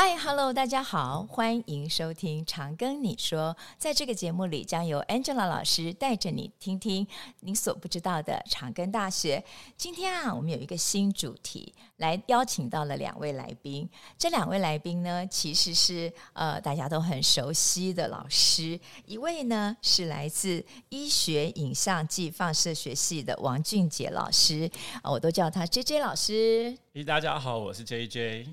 Hi，Hello，大家好，歡迎收聽《長庚，你說》。在這個節目裡，將由 Angela 老師帶着你聽聽你所不知道的長庚大學。今天啊，我們有一個新主題。來邀請到了兩位來賓，這兩位來賓呢，其實是呃大家都很熟悉的老師，一位呢是來自醫學影像暨放射學系的王俊杰老師，啊，我都叫他 J J 老師。大家好，我是 J J。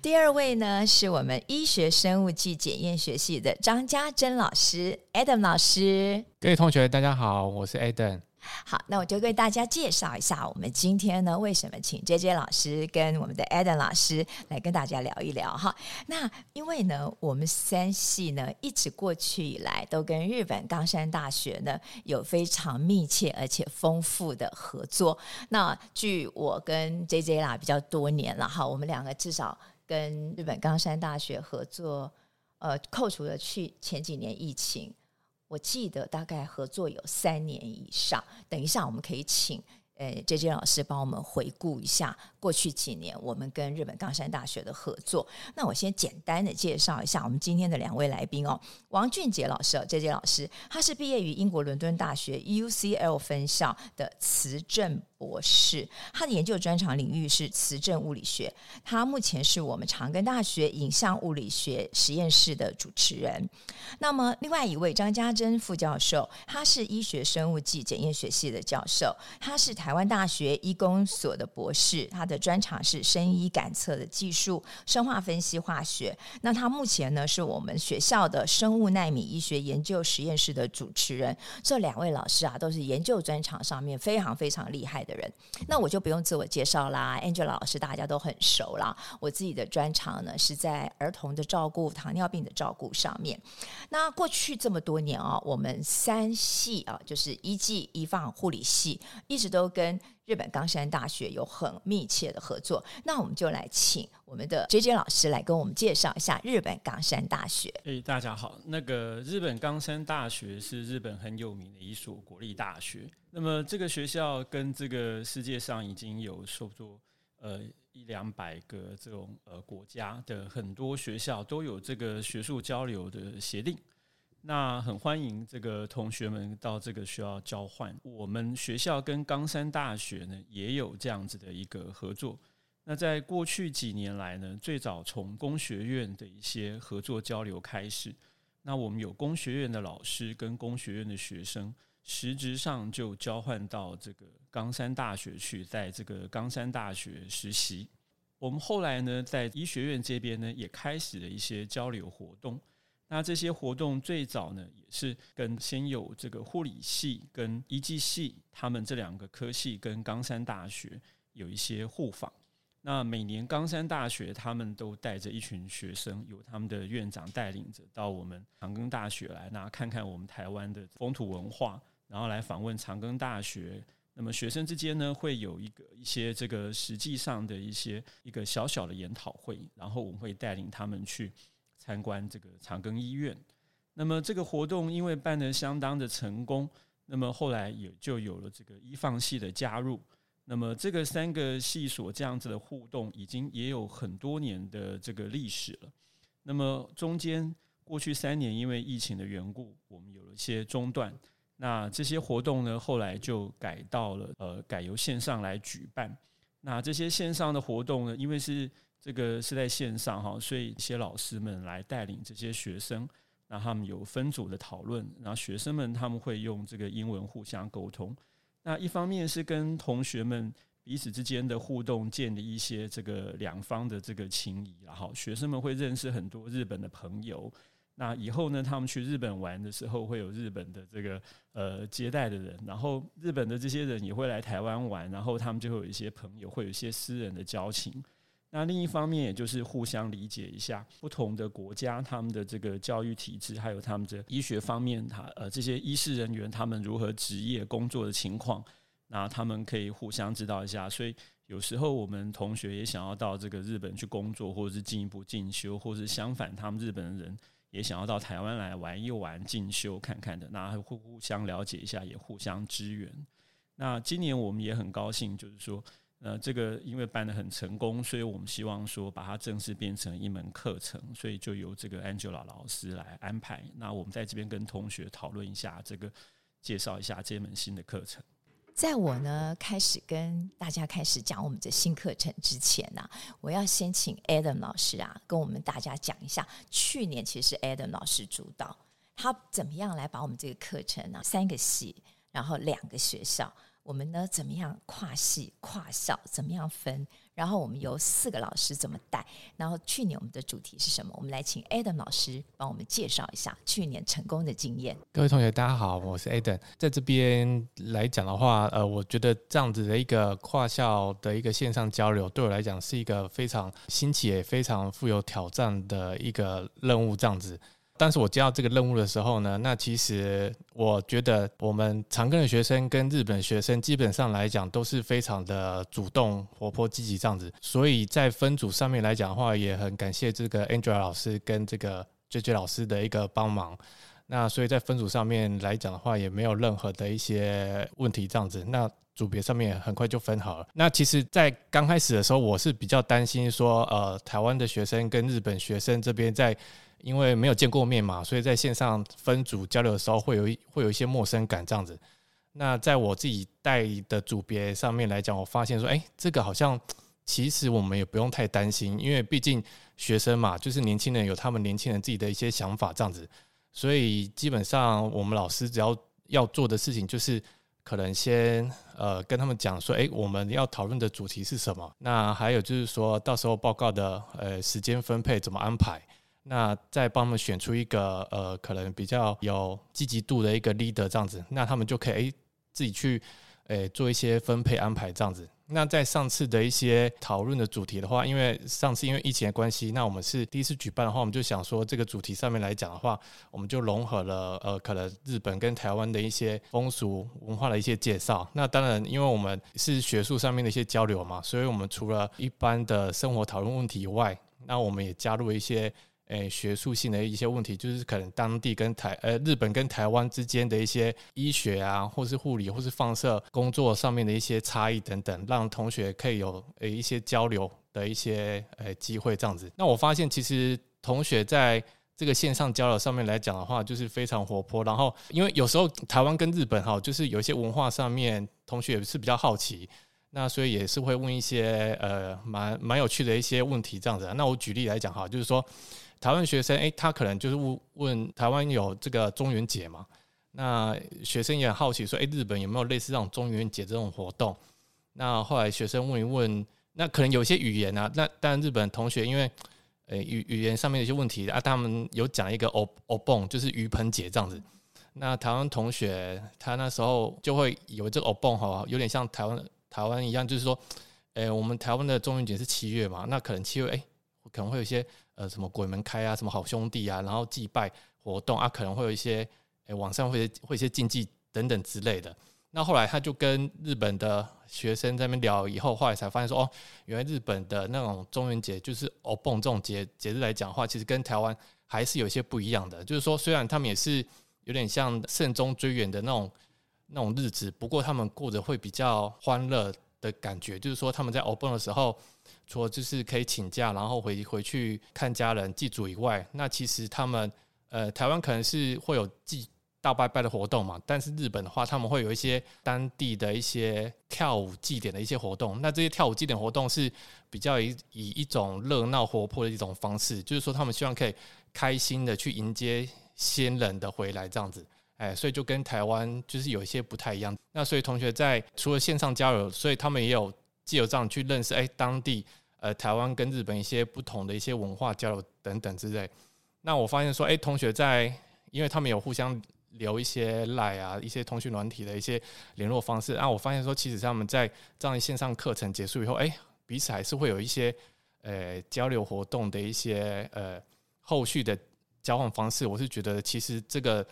第二位呢是我們醫學生物暨檢驗學系的張家禎老師，Adam 老師。各位同學，大家好，我是 Adam。好，那我就為大家介紹一下，我們今天呢，為什麼請 JJ 老師跟我們的 Adam 老師來跟大家聊一聊哈？那因為呢，我們三系呢，一直過去以來都跟日本岡山大學呢有非常密切而且豐富的合作。那據我跟 JJ 啦比較多年了哈，我們兩個至少跟日本岡山大學合作，呃，扣除了去前幾年疫情。我記得大概合作有三年以上。等一下，我們可以請呃 JJ 老師幫我們回顧一下。過去幾年，我們跟日本岡山大學的合作。那我先簡單的介紹一下我們今天的兩位來賓哦。王俊杰老師，杰杰老師，他是畢業於英國倫敦大學 UCL 分校的磁振博士，他的研究專長領域是磁振物理學。他目前是我們長庚大學影像物理學實驗室的主持人。那麼，另外一位張家禎副教授，他是醫學生物暨檢驗學系的教授，他是台灣大學醫工所的博士，他的專長是生醫感測的技術、生化分析、化學。那他目前呢，是我們學校的生物納米醫學研究實驗室的主持人。這兩位老師啊，都是研究專長上面非常非常厲害的人。那我就不用自我介紹啦，Angela 老師大家都很熟了。我自己的專長呢，是在兒童的照顧、糖尿病的照顧上面。那過去這麼多年啊，我們三系啊，就是醫技醫放護理系，一直都跟日本岡山大學有很密切的合作，那我們就來請我們的 JJ 老師來跟我們介紹一下日本岡山大學。嗯，Hey, 大家好，那個日本岡山大學是日本很有名的一所國立大學。那麼這個學校跟這個世界上已經有差不多呃一兩百個這種呃國家的很多學校都有這個學術交流的協定。那很歡迎這個同學們到這個學校交換。我們學校跟岡山大學呢也有這樣子的一個合作。那在過去幾年來呢，最早從工學院的一些合作交流開始，那我們有工學院的老師跟工學院的學生，實質上就交換到這個岡山大學去，在這個岡山大學實習。我們後來呢，在醫學院這邊呢，也開始了一些交流活動。那這些活動最早呢，也是跟先有這個護理系跟醫技系，他們這兩個科系跟岡山大學有一些互訪。那每年岡山大學他們都帶着一群學生，由他們的院長帶領着到我們長庚大學來，那看看我們台灣的風土文化，然後來訪問長庚大學。那麼學生之間呢，會有一個一些這個實際上的一些一個小小的研討會，然後我們會帶領他們去。參觀這個長庚醫院，那麼這個活動因為辦得相當的成功，那麼後來也就有了這個醫放系的加入，那麼這個三個系所這樣子的互動，已經也有很多年的這個歷史了。那麼中間過去三年因為疫情的緣故，我們有了一些中斷。那這些活動呢，後來就改到了呃改由線上來舉辦。那這些線上的活動呢，因為是。這個是在線上哈，所以一些老師們來帶領這些學生，讓他們有分組的討論，然後學生們他們會用這個英文互相溝通。那一方面是跟同學們彼此之間的互動，建立一些這個兩方的這個情誼，然後學生們會認識很多日本的朋友。那以後呢，他們去日本玩的時候，會有日本的這個呃接待的人，然後日本的這些人也會來台灣玩，然後他們就會有一些朋友，會有一些私人的交情。那另一方面，也就是互相理解一下不同的國家，他們的這個教育體制，還有他們的醫學方面，他呃這些醫事人員他們如何職業工作的情況，那他們可以互相知道一下。所以有時候我們同學也想要到這個日本去工作，或者是進一步進修，或者是相反，他們日本的人也想要到台灣來玩一玩、進修看看的，那互互相了解一下，也互相支援。那今年我們也很高興，就是說。呃，這個因為辦得很成功，所以我們希望說把它正式變成一門課程，所以就由這個 Angela 老師來安排。那我們在這邊跟同學討論一下，這個介紹一下這門新的課程。在我呢開始跟大家開始講我們的新課程之前呢、啊，我要先請 Adam 老師啊，跟我們大家講一下去年其實 Adam 老師主導他怎麼樣來把我們這個課程呢、啊，三個系，然後兩個學校。我們呢，怎麼樣跨系跨校，怎麼樣分？然後我們由四個老師怎麼帶？然後去年我們的主題是什麼？我們來請 Adam 老師幫我們介紹一下去年成功的經驗。各位同學，大家好，我是 Adam。在這邊來講的話，呃，我覺得這樣子的一個跨校的一個線上交流，對我來講是一個非常新奇也非常富有挑戰的一個任務。這樣子。但是我接到這個任務的時候呢，那其實我覺得我們長庚的學生跟日本學生基本上來講都是非常的主動、活潑、積極這樣子，所以在分組上面來講的話，也很感謝這個 Angela 老師跟這個 JJ 老師的一個幫忙。那所以在分組上面來講的話，也沒有任何的一些問題這樣子。那組別上面很快就分好了。那其實，在剛開始的時候，我是比較擔心說，呃，台灣的學生跟日本學生這邊在。因為沒有見過面嘛，所以在線上分組交流的時候，會有一會有一些陌生感這樣子。那在我自己帶的組別上面來講，我發現說，欸，這個好像其實我們也不用太擔心，因為畢竟學生嘛，就是年輕人有他們年輕人自己的一些想法這樣子。所以基本上我們老師只要要做的事情，就是可能先呃跟他們講說，欸，我們要討論的主題是什麼？那還有就是說到時候報告的呃時間分配怎麼安排？那再幫我們選出一個呃，可能比較有積極度的一個 leader 這樣子，那他們就可以，欸、自己去呃，欸、做一些分配安排這樣子。那在上次的一些討論的主題的話，因為上次因為疫情的關係，那我們是第一次舉辦的話，我們就想說這個主題上面來講的話，我們就融合了呃可能日本跟台灣的一些風俗文化的一些介紹。那當然，因為我們是學術上面的一些交流嘛，所以我們除了一般的生活討論問題以外，那我們也加入一些。誒，學術性的一些問題，就是可能當地跟台呃，日本跟台灣之間的一些醫學啊，或是護理，或是放射工作上面的一些差異等等，讓同學可以有誒一些交流的一些誒、呃、機會這樣子。那我發現其實同學在這個線上交流上面來講的話，就是非常活潑。然後，因為有時候台灣跟日本哈，就是有一些文化上面，同學也是比較好奇，那所以也是會問一些呃蠻蠻、蠻有趣的一些問題這樣子。那我舉例來講哈，就是說。台灣學生，哎、欸，他可能就是問問台灣有這個中元節嘛？那學生也很好奇說，哎、欸，日本有沒有類似這種中元節這種活動？那後來學生問一問，那可能有些語言啊，那但日本同學因為，呃、欸，語語言上面有些問題啊，他們有講一個“おお盆”，就是盂盆節這樣子。那台灣同學他那時候就會有這個“お盆”哈，有點像台灣台灣一樣，就是說，哎、欸，我們台灣的中元節是七月嘛？那可能七月，哎、欸，可能會有些。呃，什麼鬼門開啊，什麼好兄弟啊，然後祭拜活動啊，可能會有一些，誒，網上會會有一些禁忌等等之類的。那後來他就跟日本的學生在那邊聊以後，後來才發現說，哦，原來日本的那種中元節，就是哦蹦、bon、這種節節日來講的話，其實跟台灣還是有一些不一樣的。就是說，雖然他們也是有點像慎終追遠的那種那種日子，不過他們過得會比較歡樂。的感覺就是說，他們在 Obon 的時候，除了就是可以請假，然後回回去看家人祭祖以外，那其實他們呃，台灣可能是會有祭大拜拜的活動嘛，但是日本的話，他們會有一些當地的一些跳舞祭典的一些活動，那這些跳舞祭典活動是比較以以一種熱鬧活潑的一種方式，就是說他們希望可以開心的去迎接先人的回來這樣子。哎，所以就跟台灣就是有一些不太一樣。那所以同學在除了線上交流，所以他們也有借由這樣去認識哎，當地呃台灣跟日本一些不同的一些文化交流等等之類。那我發現說，哎，同學在因為他們有互相留一些 LINE 啊，一些通訊軟體的一些聯絡方式啊，我發現說，其實他們在這樣線上課程結束以後，哎，彼此還是會有一些呃交流活動的一些呃後續的交換方式。我是覺得其實這個。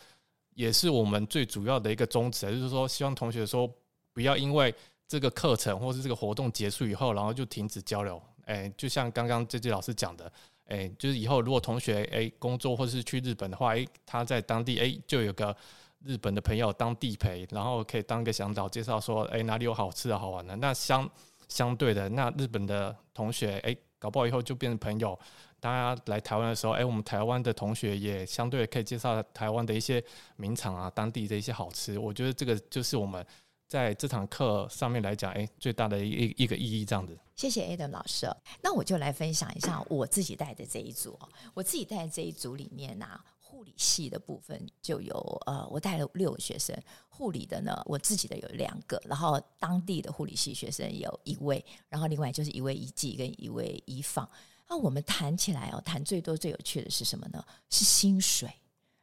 也是我們最主要的一個宗旨，就是說希望同學說不要因為這個課程或是這個活動結束以後，然後就停止交流。誒、欸，就像剛剛俊傑老師講的，誒、欸，就是以後如果同學誒、欸、工作或是去日本的話，誒、欸，他在當地誒、欸、就有個日本的朋友當地陪，然後可以當個向導介，介紹說誒，哪裡有好吃的好玩的。那相相對的，那日本的同學誒。欸搞不好以後就變成朋友。大家來台灣的時候，哎，我們台灣的同學也相對可以介紹台灣的一些名產啊，當地的一些好吃。我覺得這個就是我們在這堂課上面來講，哎，最大的一一個意義這樣子。謝謝 Adam 老師，那我就來分享一下我自己帶的這一組。我自己帶的這一組裡面呢、啊。護理系的部分就有呃，我帶了六個學生，護理的呢，我自己的有兩個，然後當地的護理系學生有一位，然後另外就是一位醫技跟一位醫放。那、啊、我們談起來哦，談最多最有趣的是什麼呢？是薪水。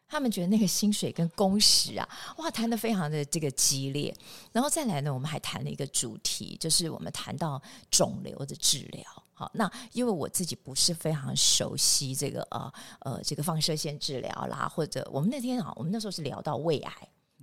他們覺得那個薪水跟工時啊，哇，談得非常的這個激烈。然後再來呢，我們還談了一個主題，就是我們談到腫瘤的治療。好，那因為我自己不是非常熟悉這個呃呃，這個放射線治療啦，或者我們那天啊，我們那時候是聊到胃癌。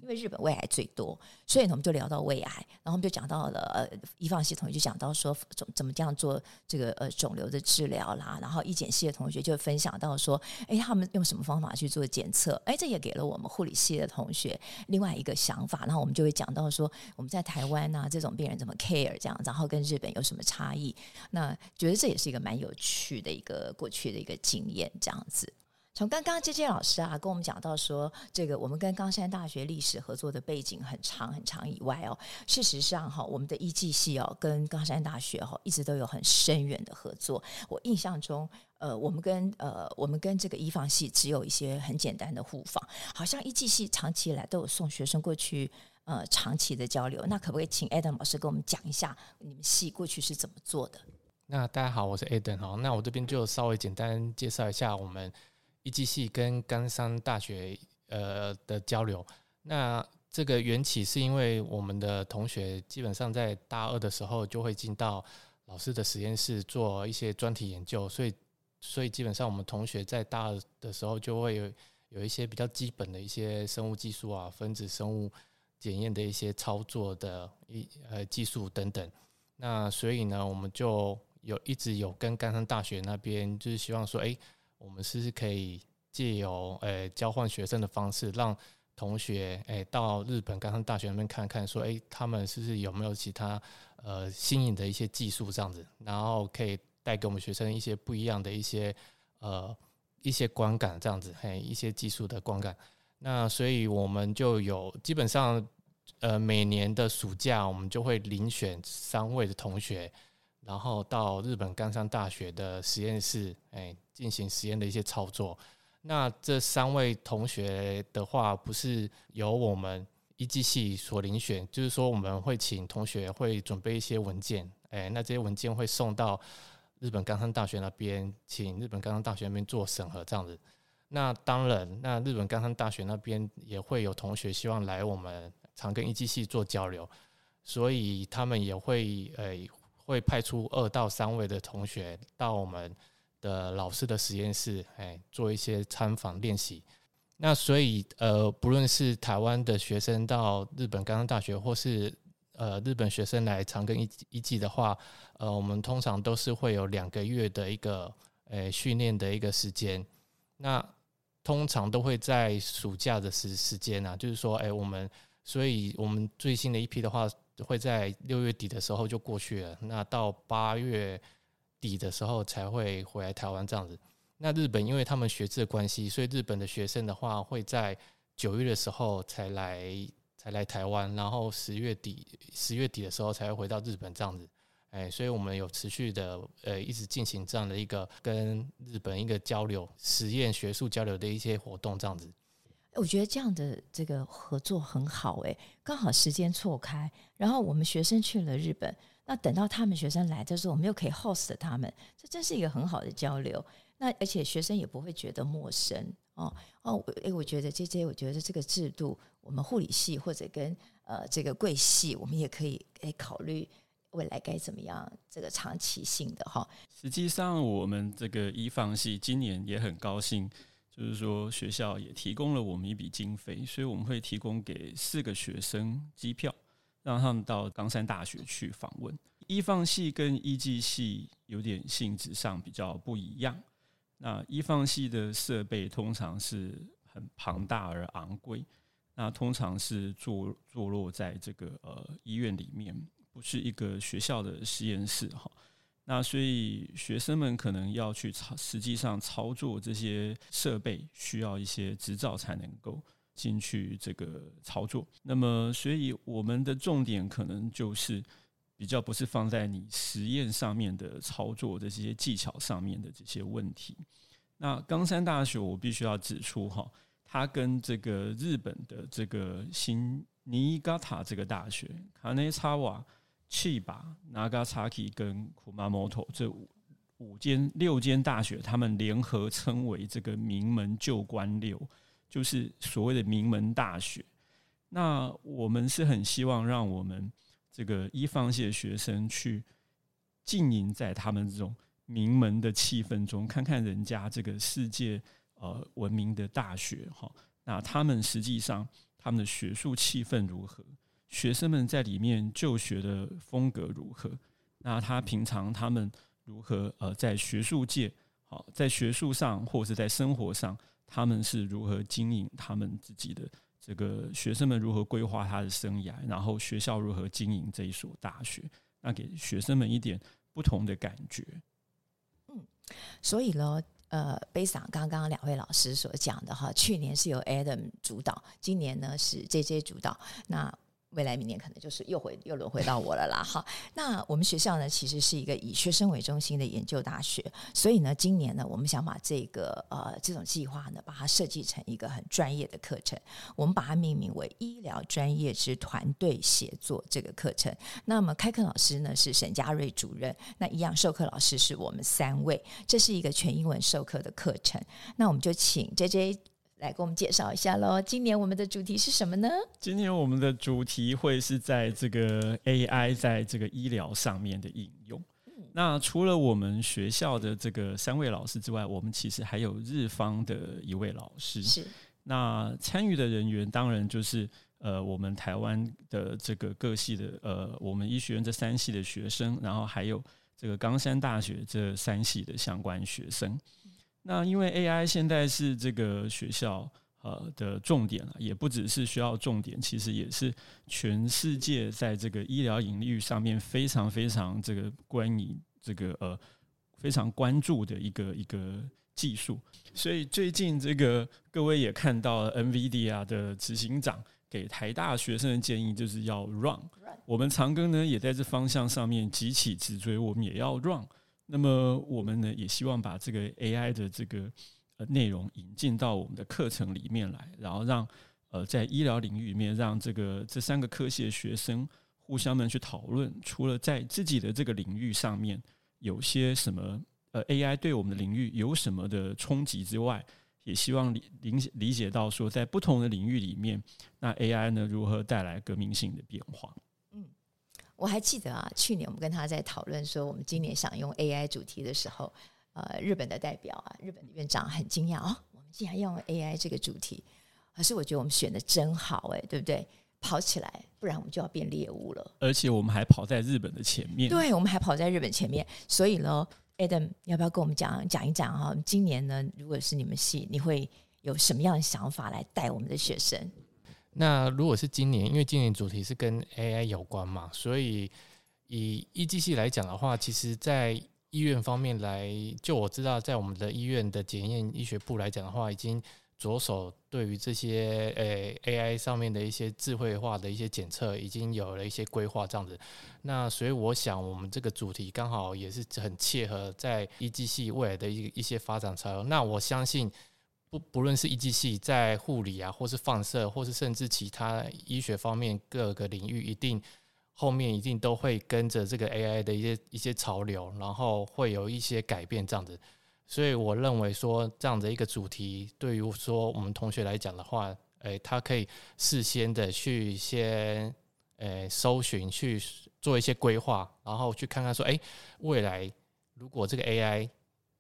因為日本胃癌最多，所以呢，我們就聊到胃癌，然後我們就講到了呃，醫放系同學就講到說怎怎麼樣做這個呃腫瘤的治療啦，然後醫檢系的同學就分享到說，哎，他們用什麼方法去做檢測？哎，這也給了我們護理系的同學另外一個想法。然後我們就會講到說，我們在台灣啊，這種病人怎麼 care 這樣，然後跟日本有什麼差異？那覺得這也是一個蠻有趣的一個過去的一個經驗這樣子。從剛剛 JJ 老師啊跟我們講到說，這個我們跟岡山大學歷史合作的背景很長很長以外哦，事實上哈、哦，我們的醫技系哦跟岡山大學哈、哦、一直都有很深遠的合作。我印象中，呃，我們跟呃我們跟這個醫放系只有一些很簡單的互訪，好像醫技系長期以來都有送學生過去呃長期的交流。那可不可以請 Adam 老師跟我們講一下你們系過去是怎麼做的？那大家好，我是 Adam 哈。那我這邊就稍微簡單介紹一下我們。醫技系跟岡山大學呃的交流，那這個緣起是因為我們的同學基本上在大二的時候就會進到老師的實驗室做一些專題研究，所以所以基本上我們同學在大二的時候就會有有一些比較基本的一些生物技術啊、分子生物檢驗的一些操作的一呃技術等等。那所以呢，我們就有一直有跟岡山大學那邊就是希望說，誒、欸。我們是不是可以借由呃、欸、交換學生的方式，讓同學誒、欸、到日本岡山大學那邊看看說，說、欸、誒他們是不是有沒有其他呃新穎的一些技術這樣子，然後可以帶給我們學生一些不一樣的一些呃一些觀感這樣子，嘿一些技術的觀感。那所以我們就有基本上呃每年的暑假，我們就會遴選三位的同學。然後到日本岡山大學的實驗室，哎，進行實驗的一些操作。那這三位同學的話，不是由我們一 g c 所遴選，就是說我們會請同學會準備一些文件，哎，那這些文件會送到日本岡山大學那邊，請日本岡山大學那邊做審核這樣子。那當然，那日本岡山大學那邊也會有同學希望來我們常跟一 g c 做交流，所以他們也會，哎會派出二到三位的同學到我們的老師的實驗室，哎，做一些參訪練習。那所以，呃，不論是台灣的學生到日本岡山大學，或是呃日本學生來長庚一一季的話，呃，我們通常都是會有兩個月的一個，誒、哎，訓練的一個時間。那通常都會在暑假的時時間啊，就是說，哎，我們，所以我們最新的一批的話，會在六月底的時候就過去了，那到八月底的時候才會回來台灣這樣子。那日本因為他們學制的關係，所以日本的學生的話會在九月的時候才來，才來台灣，然後十月底十月底的時候才會回到日本這樣子。哎，所以我們有持續的呃一直進行這樣的一個跟日本一個交流、實驗、學術交流的一些活動這樣子。我覺得這樣的這個合作很好哎，剛好時間錯開，然後我們學生去了日本，那等到他們學生來的時候，我們又可以 host 他們，這真是一個很好的交流。那而且學生也不會覺得陌生哦哦誒，我覺得這些，我覺得這個制度，我們護理系或者跟呃這個貴系，我們也可以哎考慮未來該怎麼樣這個長期性的哈。哦、實際上，我們這個醫放系今年也很高興。就是說，學校也提供了我們一筆經費，所以我們會提供給四個學生機票，讓他們到岡山大學去訪問。醫放系跟醫技系有點性質上比較不一樣。那醫放系的設備通常是很龐大而昂貴，那通常是坐坐落在這個呃醫院裡面，不是一個學校的實驗室哈。那所以學生們可能要去操，實際上操作這些設備需要一些執照才能夠進去這個操作。那麼所以我們的重點可能就是比較不是放在你實驗上面的操作的這些技巧上面的這些問題。那岡山大學，我必須要指出哈，它跟這個日本的這個新尼嘎塔這個大學卡內查瓦、Chiba，Nagasaki 跟 Kumamoto 這五五間六間大學，他們聯合稱為這個名門舊官六，就是所謂的名門大學。那我們是很希望讓我們這個醫放系的學生去浸淫在他們這種名門的氣氛中，看看人家這個世界呃文明的大學哈。那他們實際上他們的學術氣氛如何？學生們在裡面就學的風格如何？那他平常他們如何呃，在學術界好，在學術上或者是在生活上，他們是如何經營他們自己的？這個學生們如何規劃他的生涯？然後學校如何經營這一所大學？那給學生們一點不同的感覺。嗯，所以呢，呃，貝桑剛剛兩位老師所講的哈，去年是由 Adam 主導，今年呢是 JJ 主導。那未來明年可能就是又回又輪回到我了啦，哈。那我們學校呢，其實是一個以學生為中心的研究大學，所以呢，今年呢，我們想把這個呃這種計劃呢，把它設計成一個很專業的課程。我們把它命名為醫療專業之團隊協作這個課程。那麼開課老師呢是沈家瑞主任，那一樣授課老師是我們三位，這是一個全英文授課的課程。那我們就請 JJ。來給我們介紹一下嘍。今年我們的主題是什麼呢？今年我們的主題會是在這個 AI 在這個醫療上面的應用。那除了我們學校的這個三位老師之外，我們其實還有日方的一位老師。是那參與的人員，當然就是呃，我們台灣的這個各系的呃，我們醫學院這三系的學生，然後還有這個岡山大學這三系的相關學生。那因為 AI 現在是這個學校呃的重點了，也不只是學校重點，其實也是全世界在這個醫療領域上面非常非常這個關於這個呃非常關注的一個一個技術。所以最近這個各位也看到，NVIDIA 啊的執行長給台大學生的建議就是要 run。Run. 我們長庚呢也在這方向上面急起直追，我們也要 run。那麼我們呢，也希望把這個 AI 的這個呃內容引進到我們的課程裡面來，然後讓呃在醫療領域裡面，讓這個這三個科系的學生互相們去討論，除了在自己的這個領域上面有些什麼呃 AI 對我們的領域有什麼的衝擊之外，也希望理理理解到說，在不同的領域裡面，那 AI 呢如何帶來革命性的變化。我還記得啊，去年我們跟他在討論說，我們今年想用 AI 主題的時候，呃，日本的代表啊，日本的院長很驚訝哦，我們竟然要用 AI 這個主題，可是我覺得我們選的真好誒，對不對？跑起來，不然我們就要變獵物了。而且我們還跑在日本的前面。對，我們還跑在日本前面，所以呢，Adam 要不要跟我們講講一講啊、哦？今年呢，如果是你們系，你會有什麼樣的想法來帶我們的學生？那如果是今年，因為今年主題是跟 AI 有關嘛，所以以醫技系來講的話，其實，在醫院方面來，就我知道，在我們的醫院的檢驗醫學部來講的話，已經着手對於這些呃、欸、AI 上面的一些智慧化的一些檢測，已經有了一些規劃這樣子。那所以我想，我們這個主題剛好也是很切合在醫技系未來的一一些發展潮流。那我相信。不，不論是醫技系在護理啊，或是放射，或是甚至其他醫學方面各個領域，一定後面一定都會跟着這個 AI 的一些一些潮流，然後會有一些改變這樣子。所以我認為說這樣的一個主題，對於說我們同學來講的話，誒、欸，他可以事先的去先，誒、欸、搜尋去做一些規劃，然後去看看說，哎、欸，未來如果這個 AI。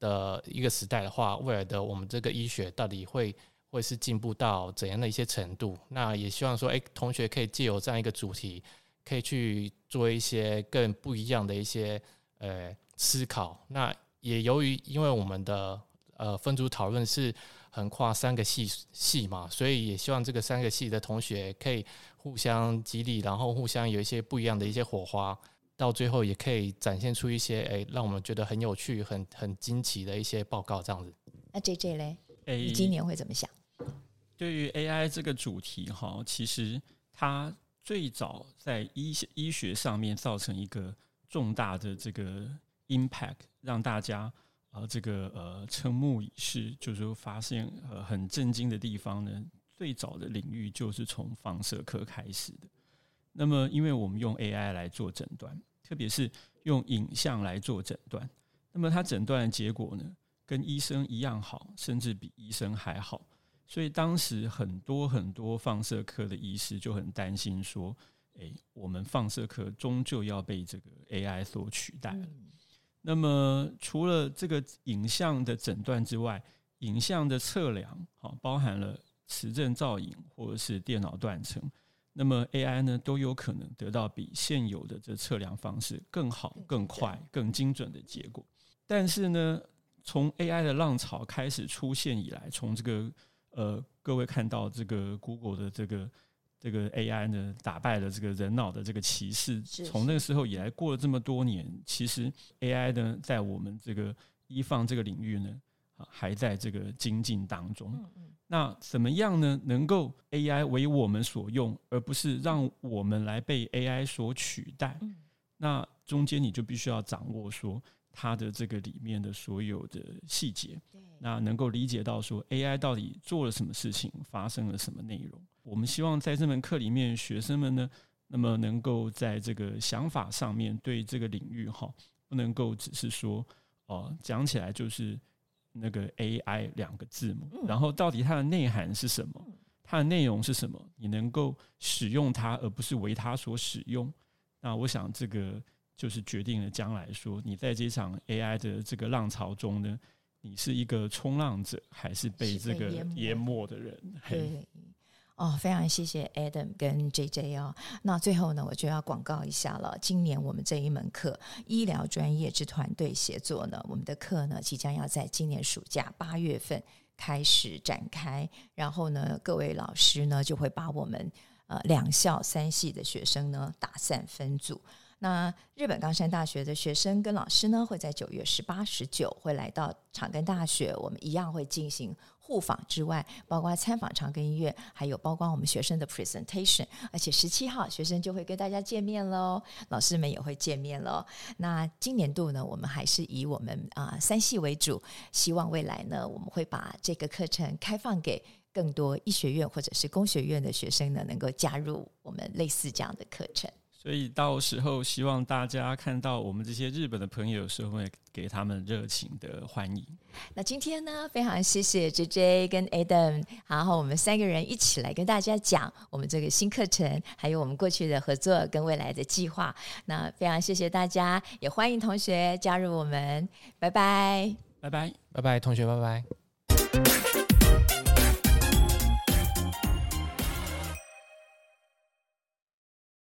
的一個時代的話，未來的我們這個醫學到底會會是進步到怎樣的一些程度？那也希望說，哎，同學可以借由這樣一個主題，可以去做一些更不一樣的一些呃思考。那也由於因為我們的呃分組討論是橫跨三個系系嘛，所以也希望這個三個系的同學可以互相激勵，然後互相有一些不一樣的一些火花。到最後也可以展現出一些誒、欸，讓我們覺得很有趣、很很驚奇的一些報告這樣子。那 J J 嘞，欸、你今年會怎麼想？對於 A I 這個主題哈，其實它最早在醫醫學上面造成一個重大的這個 impact，讓大家啊、呃、這個呃瞠目以視，就是發現呃很震驚的地方呢，最早的領域就是從放射科開始的。那麼，因為我們用 AI 來做診斷，特別是用影像來做診斷，那麼它診斷的結果呢，跟醫生一樣好，甚至比醫生還好。所以當時很多很多放射科的醫師就很擔心說：“哎，我們放射科終究要被這個 AI 所取代了。”那麼，除了這個影像的診斷之外，影像的測量哈，包含了磁振造影或者是電腦斷層。那麼 AI 呢，都有可能得到比現有的這測量方式更好、更快、更精準的結果。對但是呢，從 AI 的浪潮開始出現以來，從這個呃，各位看到這個 Google 的這個這個 AI 呢，打敗了這個人腦的這個棋士，是是從那個時候以來過了這麼多年，其實 AI 呢，在我們這個醫放這個領域呢，還在這個精進當中，那怎麼樣呢？能夠 AI 為我們所用，而不是讓我們來被 AI 所取代。那中間你就必須要掌握說它的這個裡面的所有的細節，那能夠理解到說 AI 到底做了什麼事情，發生了什麼內容。我們希望在這門課裡面，學生們呢，那麼能夠在這個想法上面對這個領域哈，不能夠只是說哦、呃，講起來就是。那個 AI 兩個字母，嗯、然後到底它的內涵是什麼？它的內容是什麼？你能夠使用它，而不是為它所使用？那我想，這個就是決定了將來說，你在這場 AI 的這個浪潮中呢，你是一個衝浪者，還是被這個淹沒的人？嘿。哦，非常謝謝 Adam 跟 JJ 哦。那最後呢，我就要廣告一下了。今年我們這一門課《醫療專業之團隊協作》呢，我們的課呢即將要在今年暑假八月份開始展開。然後呢，各位老師呢就會把我們呃兩校三系的學生呢打散分組。那日本岡山大學的學生跟老師呢會在九月十八、十九會來到長庚大學，我們一樣會進行。互訪之外，包括參訪長庚醫院，還有包括我們學生的 presentation，而且十七號學生就會跟大家見面嘍，老師們也會見面嘍。那今年度呢，我們還是以我們啊、呃、三系為主，希望未來呢，我們會把這個課程開放給更多醫學院或者是工學院的學生呢，能夠加入我們類似這樣的課程。所以到時候希望大家看到我們這些日本的朋友的時候，會給他們熱情的歡迎。那今天呢，非常謝謝 JJ 跟 Adam，然後我們三個人一起來跟大家講我們這個新課程，還有我們過去的合作跟未來的計劃。那非常謝謝大家，也歡迎同學加入我們。拜拜，拜拜 bye，拜拜，同學，拜拜。